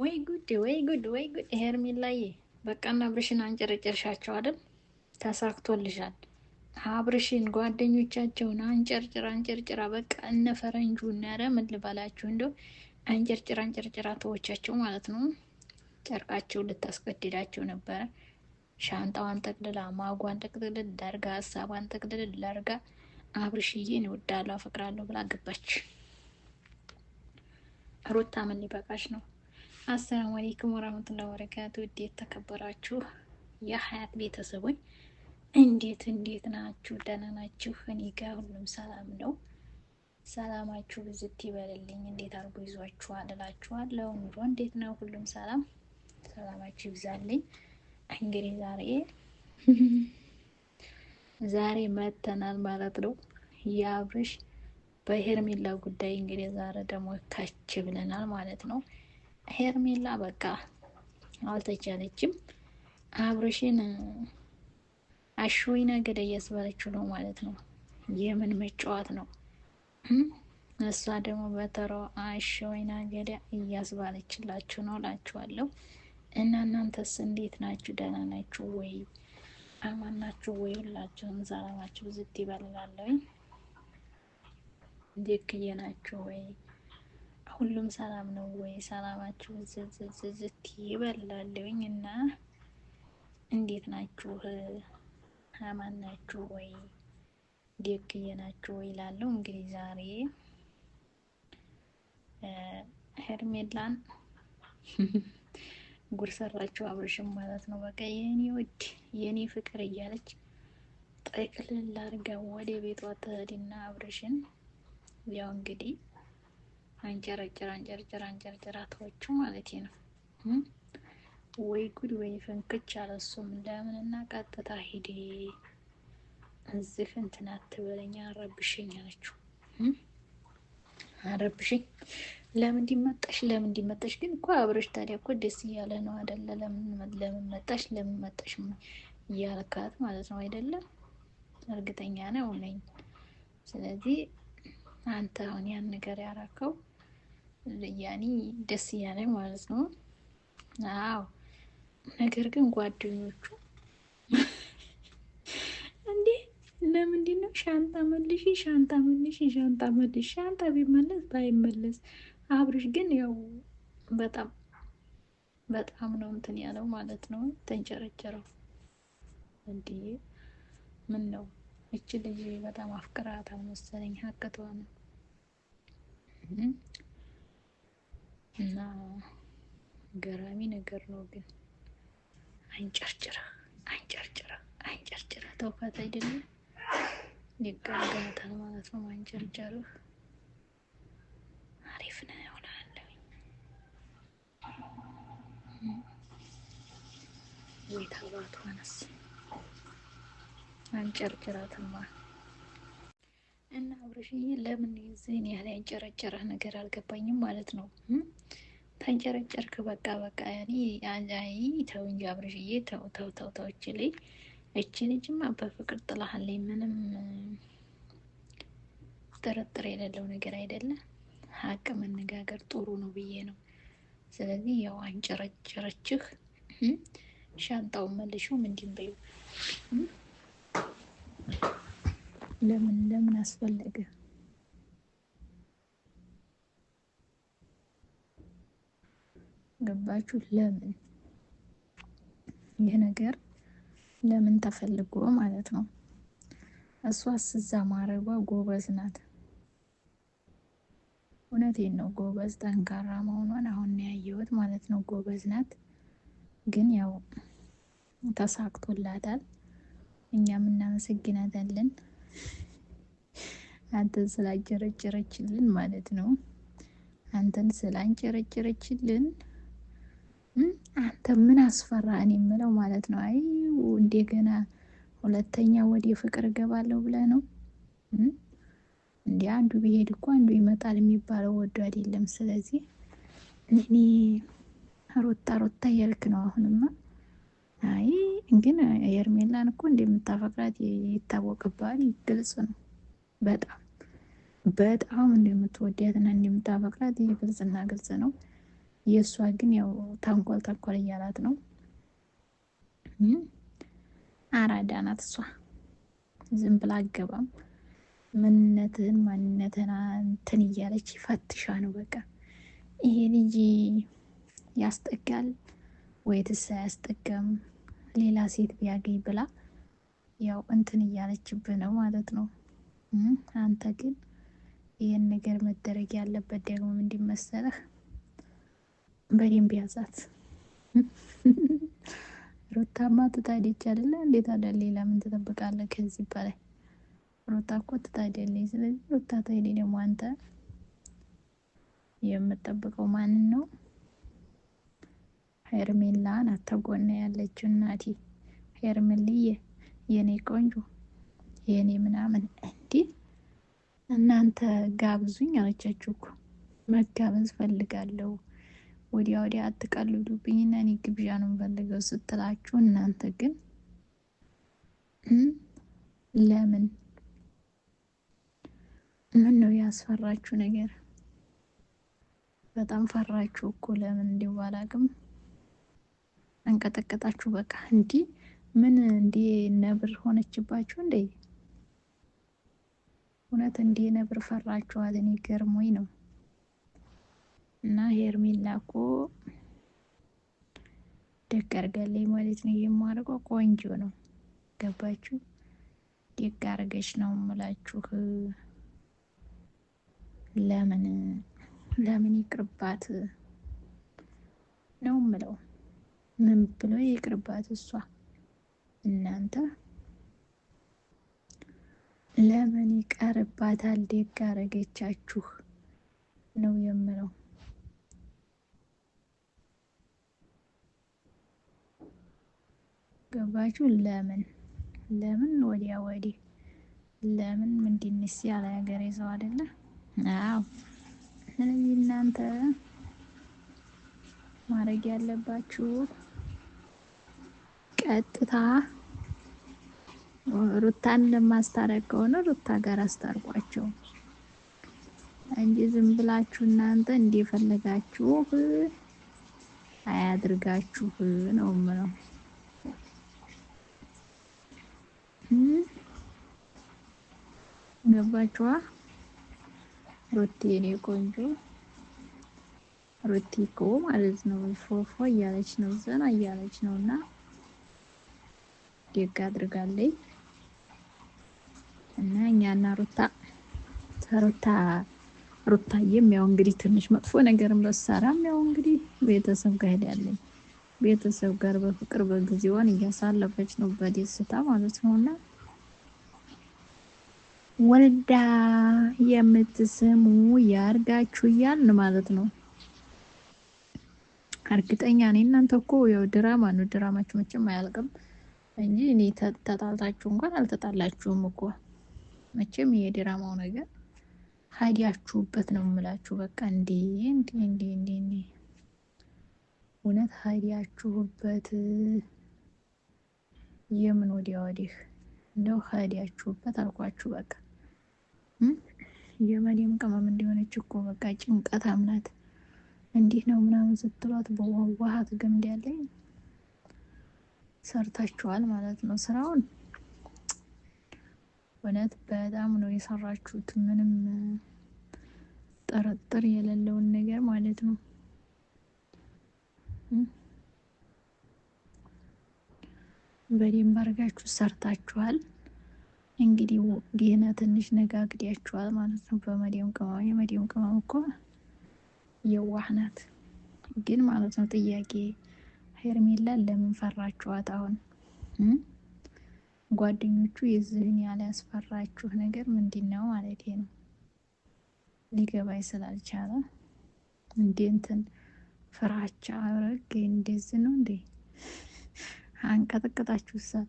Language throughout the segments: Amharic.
ወይ ጉድ ወይ ጉድ ወይ ጉድ ሄርሚላዬ፣ በቃና ብርሽን አንጨርጭርሻቸው አይደል? ተሳክቶልሻል። አብርሽን ጓደኞቻቸውን አንጨርጭር አንጨርጭራ በቃ እነ ፈረንጁ ነረ ምን ልበላችሁ እንደው አንጨርጭር አንጨርጭራ ተወቻቸው ማለት ነው። ጨርቃቸው ልታስቀድዳቸው ነበረ። ሻንጣዋን ጠቅልላ ማጓን ጠቅልልል ዳርጋ ሀሳቧን ጠቅልል ዳርጋ አብርሽዬን እወዳለሁ አፈቅራለሁ ብላ ገባች። ሩታ ምን ሊበቃች ነው? አሰላሙ አሌይኩም ወራህመቱላሂ ወበረካቱ። እንዴት ተከበራችሁ የሀያት ቤተሰቦች እንዴት እንዴት ናችሁ? ደህና ናችሁ? እኔ ጋር ሁሉም ሰላም ነው። ሰላማችሁ ብዝት ይበልልኝ። እንዴት አድርጎ ይዟችኋል እላችኋለሁ። ኑሮ እንዴት ነው? ሁሉም ሰላም ሰላማችሁ ይብዛልኝ። እንግዲህ ዛሬ ዛሬ መተናል ማለት ነው የአብርሽ በሄርሜላ ጉዳይ እንግዲህ ዛሬ ደግሞ ካች ብለናል ማለት ነው። ሄርሜላ በቃ አልተቻለችም። አብርሽን አሹይ ነገር እያስባለችው ነው ማለት ነው። የምን መጫወት ነው? እሷ ደግሞ በተራው አሽወይ ነገደ እያስባለችላችሁ ነው እላችኋለሁ። እና እናንተስ እንዴት ናችሁ? ደህና ናችሁ ወይ? አማን ናችሁ ወይ? ሁላችሁም ሰላማችሁ ዝት ይበልላለሁ። ደክዬ ናችሁ ወይ? ሁሉም ሰላም ነው ወይ? ሰላማችሁ ዝዝዝዝት ይበላለሁኝ እና እንዴት ናችሁ? አማን ናችሁ ወይ? ደግዬ ናችሁ ወይ? ላለው እንግዲህ ዛሬ ሄርሜላን ጉር ሰራችሁ አብርሽም ማለት ነው። በቃ የኔ ወድ የኔ ፍቅር እያለች ጠቅልል አድርጋ ወደ ቤቷ ትሄድና አብርሽን ያው እንግዲህ አንጨረጭር አንጨርጭር አንጨርጭር ማለት ነው። ወይ ጉድ ወይ ፍንክች አለ። እሱም እና ቀጥታ ሂዴ እዚህ እንትን አትበለኝ አረብሽኝ አለችው። አረብሽኝ ለምን እንዲመጣሽ ለምን እንዲመጣሽ ግን እኮ አብረሽ ታዲያ እኮ ደስ እያለ ነው አይደለ? ለምን መጣሽ ለምን መጣሽ እያልካት ማለት ነው አይደለም? እርግጠኛ ነው ነኝ። ስለዚህ አንተ አሁን ያን ነገር ያረከው ያኔ ደስ እያለ ማለት ነው። አዎ ነገር ግን ጓደኞቹ እንዴ ለምንድን ነው ሻንጣ መልሽ፣ ሻንጣ መልሽ፣ ሻንጣ መልሽ፣ ሻንጣ ቢመለስ ባይመለስ፣ አብርሽ ግን ያው በጣም በጣም ነው እንትን ያለው ማለት ነው። ተንጨረጨረው። እንዴ ምን ነው እች ልጅ በጣም አፍቅራት አልመሰለኝ ሀቅቷ ነው። እና ገራሚ ነገር ነው። ግን አንጨርጭራ አንጨርጭራ አንጨርጭራ ተውካት አይደለም ይጋጋታል ማለት ነው። አንጨርጭራ አሪፍ ነው ይሆናል። ወይ ታባቱ አነስ አንጨርጭራትማ እና አብረሽዬ ለምን የዚህን ያህል ያንጨረጨረህ ነገር አልገባኝም ማለት ነው። ተንጨረጨርክ። በቃ በቃ ያኔ ተው እንጂ አብርሽዬ፣ ተው ተው ተው ተው። እች ልጅ እች ልጅማ በፍቅር ጥላሃለኝ። ምንም ጥርጥር የሌለው ነገር አይደለም። ሀቅ መነጋገር ጥሩ ነው ብዬ ነው። ስለዚህ ያው አንጨረጨረችህ። ሻንጣውን መልሹ ምንድን በዩ። ለምን ለምን አስፈለገ? ያለባችሁ ለምን ይህ ነገር ለምን ተፈልጎ ማለት ነው። እሷስ እዛ ማድረጓ ጎበዝ ናት። እውነቴን ነው። ጎበዝ ጠንካራ መሆኗን አሁን ያየሁት ማለት ነው። ጎበዝ ናት፣ ግን ያው ተሳክቶላታል። እኛም እናመሰግናታለን፣ አንተን ስላንጨረጨረችልን ማለት ነው። አንተን ስላንጨረጨረችልን አንተ ምን አስፈራ? እኔ የምለው ማለት ነው። አይ እንደገና ሁለተኛ ወደ ፍቅር እገባለሁ ብለህ ነው እንዲ አንዱ ቢሄድ እኮ አንዱ ይመጣል የሚባለው ወዶ አይደለም። ስለዚህ እኔ ሮጣ ሮጣ እያልክ ነው አሁንማ። አይ ግን የእርሜላን እኮ እንደምታፈቅራት ይታወቅባል፣ ግልጽ ነው። በጣም በጣም እንደምትወዳትና እንደምታፈቅራት ግልጽና ግልጽ ነው። የእሷ ግን ያው ታንኮል ታንኮል እያላት ነው። አራዳ ናት እሷ። ዝም ብላ አገባም ምንነትህን ማንነትህን እንትን እያለች ፈትሻ ነው በቃ ይሄ ልጅ ያስጠጋል ወይትስ አያስጠጋም ሌላ ሴት ቢያገኝ ብላ ያው እንትን እያለችብህ ነው ማለት ነው። አንተ ግን ይህን ነገር መደረግ ያለበት ደግሞ እንዲመሰለህ በደንብ ያዛት። ሮታማ ትታደች አይደለ? እንዴት አለ ሌላ ምን ትጠብቃለህ ከዚህ በላይ? ሮታ እኮ ትታደለች። ስለዚህ ሮታ ታይሌ ደግሞ አንተ የምጠብቀው ማንን ነው? ሄርሜላን አተጎነ ያለችው እናቲ ሄርሜልዬ፣ የኔ ቆንጆ፣ የኔ ምናምን እንዴ እናንተ ጋብዙኝ አለቻችሁ እኮ መጋበዝ ፈልጋለሁ ወዲያ ወዲያ እና እኔ ግብዣ ነው የምፈልገው ስትላችሁ እናንተ ግን ለምን ምን ነው ያስፈራችሁ ነገር? በጣም ፈራችሁ እኮ ለምን እንዲዋላቅም አንቀጠቀጣችሁ። በቃ እንዲ ምን እንዲ ነብር ሆነችባችሁ እንዴ? እውነት እንዲ ነብር ፈራችኋል? እኔ ገርሞኝ ነው። እና ሄርሜላ እኮ ደግ አርጋለች ማለት ነው። የማርገው ቆንጆ ነው። ገባችሁ? ደግ አርገች ነው ምላችሁ። ለምን ለምን ይቅርባት ነው ምለው። ምን ብሎ ይቅርባት እሷ እናንተ ለምን ይቀርባታል? ደግ አረገቻችሁ ነው የምለው። ገባችሁ? ለምን ለምን ወዲያ ወዲህ ለምን ምንድንስ ያለ ሀገር ይዘው አይደለ? አዎ። ስለዚህ እናንተ ማድረግ ያለባችሁ ቀጥታ ሩታን ለማስታረቅ ከሆነ ሩታ ጋር አስታርቋቸው እንጂ ዝም ብላችሁ እናንተ እንደፈለጋችሁ አያድርጋችሁ ነው የምለው። ገባችዋ? ሩቲ የኔ ቆንጆ ሩቲ እኮ ማለት ነው ፎፎ እያለች ነው ዘና እያለች ነው እና ደግ አድርጋለኝ እና እኛና ሩታ ተሩታ ሩታዬም ያው እንግዲህ ትንሽ መጥፎ ነገርም ለሰራም ያው እንግዲህ ቤተሰብ ጋር ሄዳለኝ ቤተሰብ ጋር በፍቅር በጊዜዋን እያሳለፈች ነው፣ በደስታ ማለት ነው። እና ወልዳ የምትስሙ ያርጋችሁ እያልን ማለት ነው። እርግጠኛ ነኝ እናንተ እኮ ያው ድራማ ነው፣ ድራማችሁ መቼም አያልቅም እንጂ እኔ ተጣልታችሁ እንኳን አልተጣላችሁም እኮ መቼም ድራማው ነገር ሀዲያችሁበት ነው የምላችሁ። በቃ እንዴ እንዴ እንዴ እንዴ እውነት ሀዲያችሁበት የምን ወዲያ ወዲህ እንደው ሀዲያችሁበት አልኳችሁ። በቃ የመዲም ቅመም እንዲሆነች እኮ በቃ ጭንቀት አምናት እንዲህ ነው ምናምን ስትሏት በዋዋሀት ገምድ ያለኝ ሰርታችኋል ማለት ነው ስራውን። እውነት በጣም ነው የሰራችሁት፣ ምንም ጥርጥር የሌለውን ነገር ማለት ነው። በደንብ አድርጋችሁ ሰርታችኋል። እንግዲህ ዲህነ ትንሽ ነጋግዳችኋል ማለት ነው። በመዲም ቅመም የመዲም ቅመም እኮ የዋህ ናት ግን ማለት ነው። ጥያቄ ሄርሜላ ለምን ፈራችኋት? አሁን ጓደኞቹ የዚህን ያለ ያስፈራችሁ ነገር ምንድን ነው ማለት ነው ሊገባኝ ስላልቻለ እንዴ እንትን ፍራቻ አረግ እንደዚህ ነው እንዴ? አንቀጠቀጣችሁ ሳ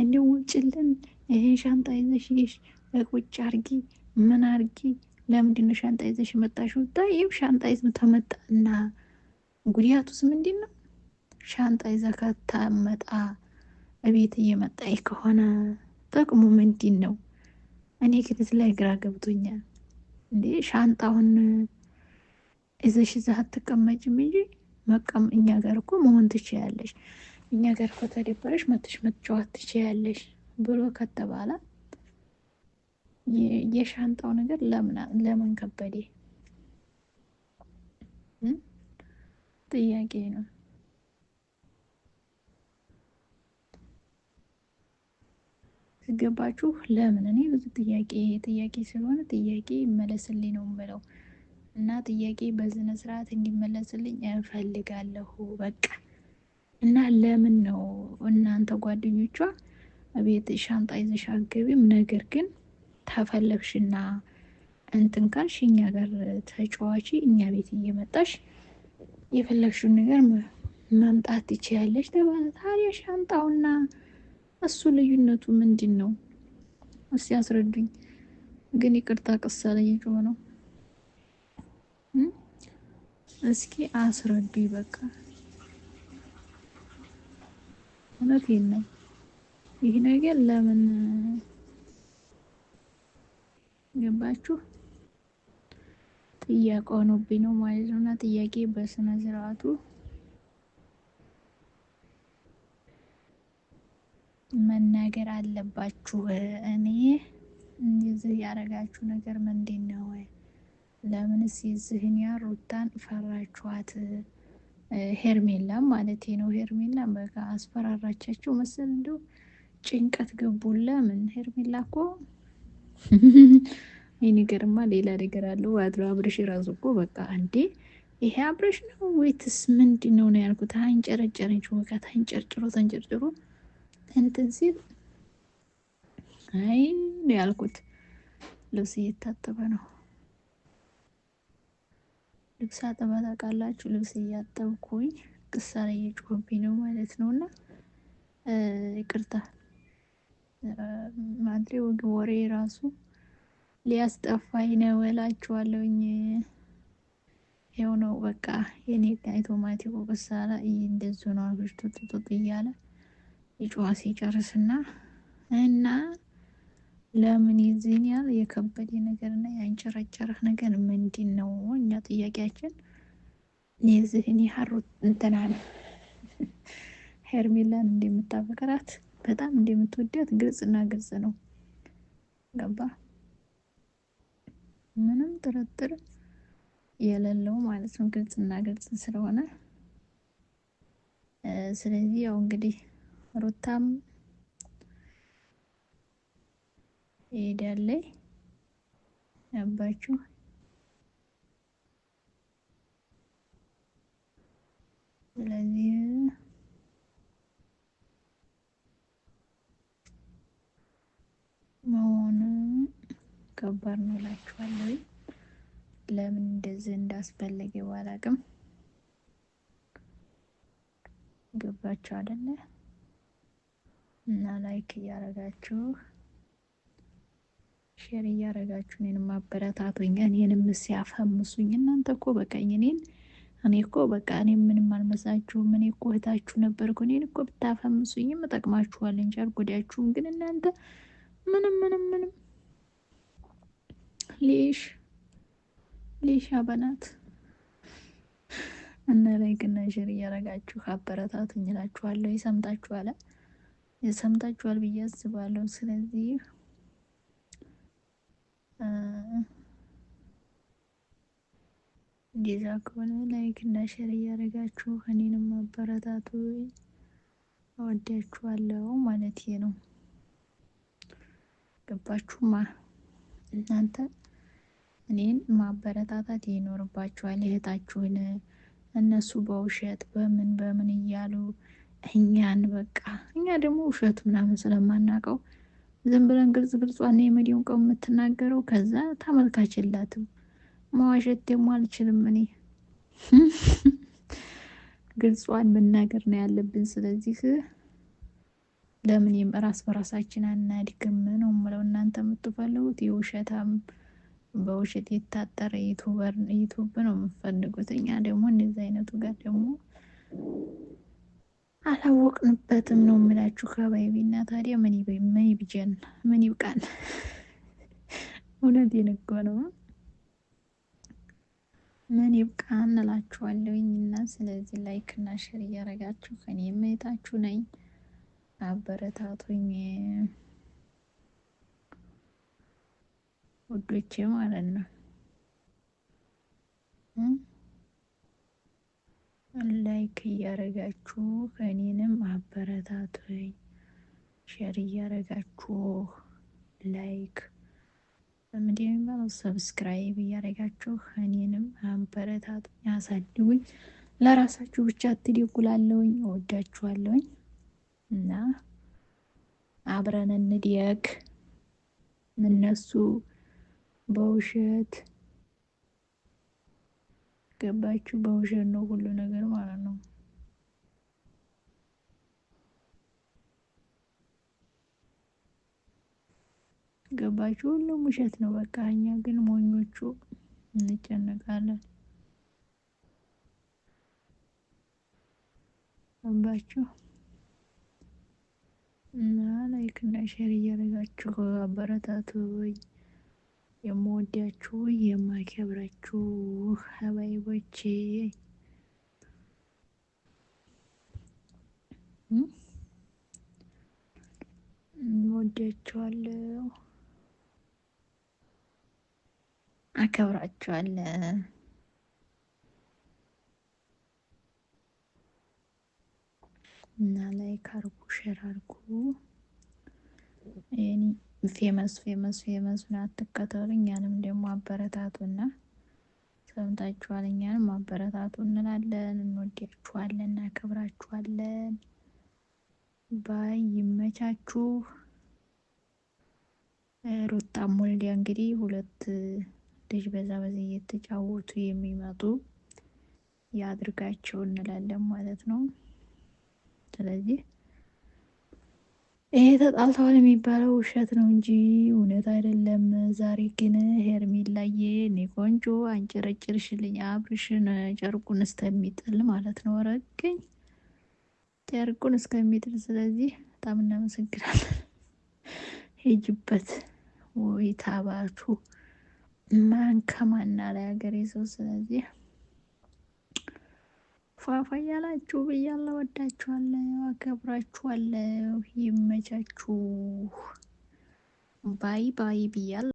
እንዲሁ ውጭልን ይሄ ሻንጣ ይዘሽ ይሽ ቁጭ አርጊ ምን አርጊ ለምንድን ነው ሻንጣ ይዘሽ መጣሽ? ይም ሻንጣ ይዝ ተመጣና ጉዳቱስ ምንድን ነው? ሻንጣ ይዘ ከተመጣ እቤት እየመጣይ ከሆነ ጥቅሙ ምንድን ነው? እኔ ግን ላይ ግራ ገብቶኛል እንዴ ሻንጣውን እዚሽ እዛ አትቀመጭም እንጂ መቀም እኛ ጋር እኮ መሆን ትችያለሽ፣ እኛ ጋር እኮ ተደበረሽ መትሽ መጫወት ትችያለሽ ብሎ ከተባለ የሻንጣው ነገር ለምን ከበዴ ጥያቄ ነው። ገባችሁ ለምን እኔ ብዙ ጥያቄ ጥያቄ ስለሆነ ጥያቄ ይመለስልኝ ነው የምለው። እና ጥያቄ በስነ ስርዓት እንዲመለስልኝ እፈልጋለሁ። በቃ እና ለምን ነው እናንተ ጓደኞቿ ቤት ሻንጣ ይዘሽ አትገቢም፣ ነገር ግን ተፈለግሽና እንትን ካልሽ እኛ ጋር ተጫዋች እኛ ቤት እየመጣሽ የፈለግሽውን ነገር መምጣት ትችያለሽ ተባለ። ታዲያ ሻንጣውና እሱ ልዩነቱ ምንድን ነው? እስቲ አስረዱኝ። ግን ይቅርታ ቅሳ ላይ ነው እስኪ አስረዱ። በቃ እውነቴን ነው። ይህ ነገር ለምን ገባችሁ ጥያቄ ሆኖብኝ ነው ማለት ነው። እና ጥያቄ በስነ ስርዓቱ መናገር አለባችሁ። እኔ እንደዚህ ያደረጋችሁ ነገር ምንድን ነው? ለምን የዚህን ያ ሩታን ፈራችኋት? ሄርሜላም ማለት ነው። ሄርሜላም በቃ አስፈራራቻችሁ መሰል እንዲሁ ጭንቀት ገቡ። ለምን ሄርሜላ እኮ ይህ ነገርማ ሌላ ነገር አለው። አድሮ አብረሽ ራሱ እኮ በቃ አንዴ ይሄ አብረሽ ነው ወይትስ ምንድን ነው ነው ያልኩት። አንጨረጨረች በቃ ታንጨርጭሮ ተንጨርጭሮ እንትን ሲል አይ ነው ያልኩት። ልብስ እየታጠበ ነው ልብስ አጥባ ታውቃላችሁ? ልብስ እያጠብኩኝ ቅሳራ እየጮህብኝ ነው ማለት ነው። እና ይቅርታ ማድሬ ወግ ወሬ ራሱ ሊያስጠፋኝ ነው እላችኋለሁኝ። ይኸው ነው በቃ የኔ አውቶማቲኩ ቅሳራ እንደዚሁ ነው አርግሽቶ ጥጡጥ እያለ ይጮህ ሲጨርስና እና ለምን የዚህን ያህል የከበደ ነገር እና ያንጨረጨረህ ነገር ምንድን ነው? እኛ ጥያቄያችን የዚህን ያህል እንትናን ሄርሜላን እንደምታፈቅራት በጣም እንደምትወዳት ግልጽና ግልጽ ነው። ገባ ምንም ጥርጥር የሌለው ማለት ነው። ግልጽና ግልጽ ስለሆነ ስለዚህ ያው እንግዲህ ሩታም ይሄዳለኝ አባችሁ ስለዚህ መሆኑ ከባድ ነው እላችኋለሁ። ለምን እንደዚህ እንዳስፈለገ ባላቅም ገባችሁ አይደለ? እና ላይክ እያደረጋችሁ ሼር እያረጋችሁ እኔንም ማበረታቱኝ እኔንም ሲያፈምሱኝ እናንተ እኮ በቃ እኔን እኔ እኮ በቃ እኔ ምንም አልመሳችሁም። እኔ እኮ እህታችሁ ነበርኩ። እኔን እኮ ብታፈምሱኝም እጠቅማችኋል እንጂ አልጎዳችሁም። ግን እናንተ ምንም ምንም ምንም ሌሽ ሌሽ አበናት እና ላይክና ሼር እያረጋችሁ አበረታቱኝ እላችኋለሁ። ይሰምታችኋል፣ ይሰምታችኋል ብዬ አስባለሁ። ስለዚህ እንደዛ ከሆነ ላይክ እና ሼር እያደረጋችሁ እኔንም አበረታቱ። እወዳችኋለሁ ማለት ነው። ገባችሁማ? እናንተ እኔን ማበረታታት ይኖርባችኋል። እህታችሁን እነሱ በውሸት በምን በምን እያሉ እኛን በቃ እኛ ደግሞ ውሸት ምናምን ስለማናውቀው ዝም ብለን ግልጽ ግልጿን የመዲውን ቀው የምትናገረው ከዛ ተመልካች የላትም። መዋሸት ደግሞ አልችልም እኔ ግልጿን መናገር ነው ያለብን። ስለዚህ ለምን የምራስ በራሳችን አናድግም ነው የምለው። እናንተ የምትፈልጉት የውሸታም በውሸት የታጠረ ዩቱበር ዩቱብ ነው የምፈልጉት። እኛ ደግሞ እንደዚህ አይነቱ ጋር ደግሞ አላወቅንበትም ነው የምላችሁ ከባይቢ እና ታዲያ ምን ይብጀን ምን ይብቃል? እውነት የነገ ነው ምን ይብቃ እንላችኋለሁኝ። እና ስለዚህ ላይክ እና ሼር እያደረጋችሁ ከኔ የምታችሁ ነኝ አበረታቱኝ ውዶቼ ማለት ነው። ላይክ እያረጋችሁ እኔንም አበረታቱኝ። ሼር እያረጋችሁ ላይክ ምንድን ነው የሚባለው ሰብስክራይብ እያረጋችሁ እኔንም አበረታቱኝ፣ አሳድጉኝ። ለራሳችሁ ብቻ አትደጉላለሁኝ። እወዳችኋለሁኝ እና አብረን እንዲያግ እነሱ በውሸት ያስገባችሁ በውሸት ነው ሁሉ ነገር ማለት ነው። ገባችሁ? ሁሉም ውሸት ነው በቃ። እኛ ግን ሞኞቹ እንጨነቃለን። ገባችሁ? እና ላይክ እና ሼር እያደረጋችሁ ወይ የምወዳችሁ የማከብራችሁ ሀባይቦቼ እንወዳችኋለሁ፣ አከብራችኋለሁ። እና ላይክ አርጉ፣ ሼር አርጉ። ፌመስ ፌመስ ፌመስ ፌመሱን አትከተሉ፣ እኛንም ደግሞ አበረታቱና ሰምታችኋል። እኛንም አበረታቱ እንላለን። እንወዳችኋለን፣ እናከብራችኋለን። ባይ ይመቻችሁ። ሩታም ሞልዲያ እንግዲህ ሁለት ልጅ በዛ በዛ እየተጫወቱ የሚመጡ ያድርጋቸው እንላለን ማለት ነው። ስለዚህ ይሄ ተጣልተዋል የሚባለው ውሸት ነው እንጂ እውነት አይደለም። ዛሬ ግን ሄርሜላዬ እኔ ቆንጆ አንጨረጭርሽልኝ አብርሽን ጨርቁን እስከሚጥል ማለት ነው ረገኝ ጨርቁን እስከሚጥል። ስለዚህ በጣም እናመሰግናለን። ሄጅበት ወይ ታባቱ ማን ከማና ላይ ሀገሬ ሰው ስለዚህ ፏፏ እያላችሁ ብያለሁ። ወዳችኋለሁ፣ አከብራችኋለሁ። ይመቻችሁ። ባይ ባይ ብያለሁ።